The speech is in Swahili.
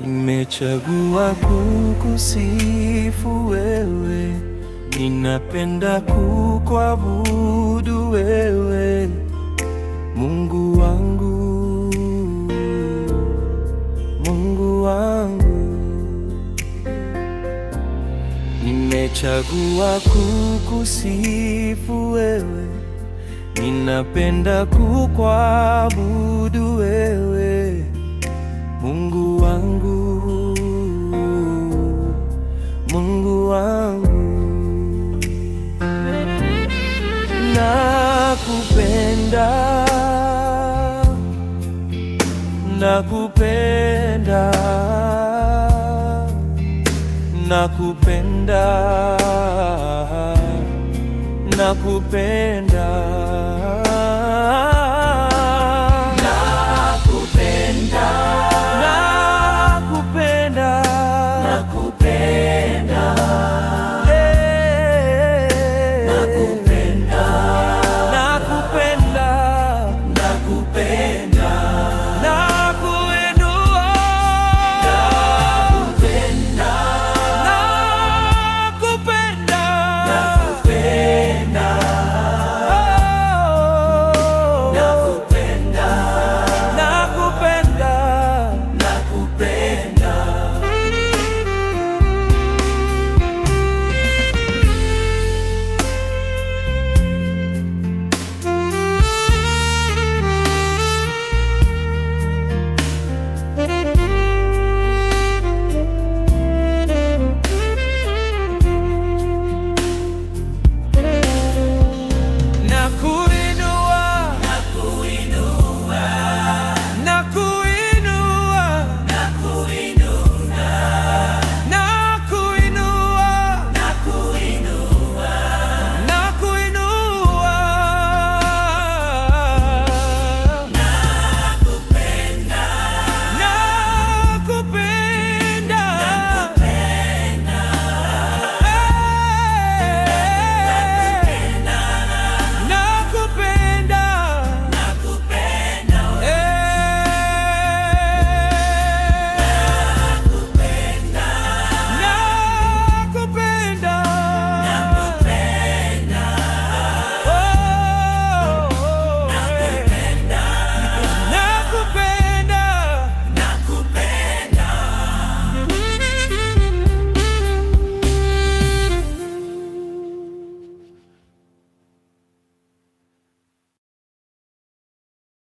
Nimechagua kukusifu wewe, ninapenda kukuabudu wewe, Mungu wangu, Mungu wangu. Nimechagua kukusifu wewe, ninapenda kukuabudu wewe, Mungu wangu, Mungu wangu, nakupenda, nakupenda, nakupenda, nakupenda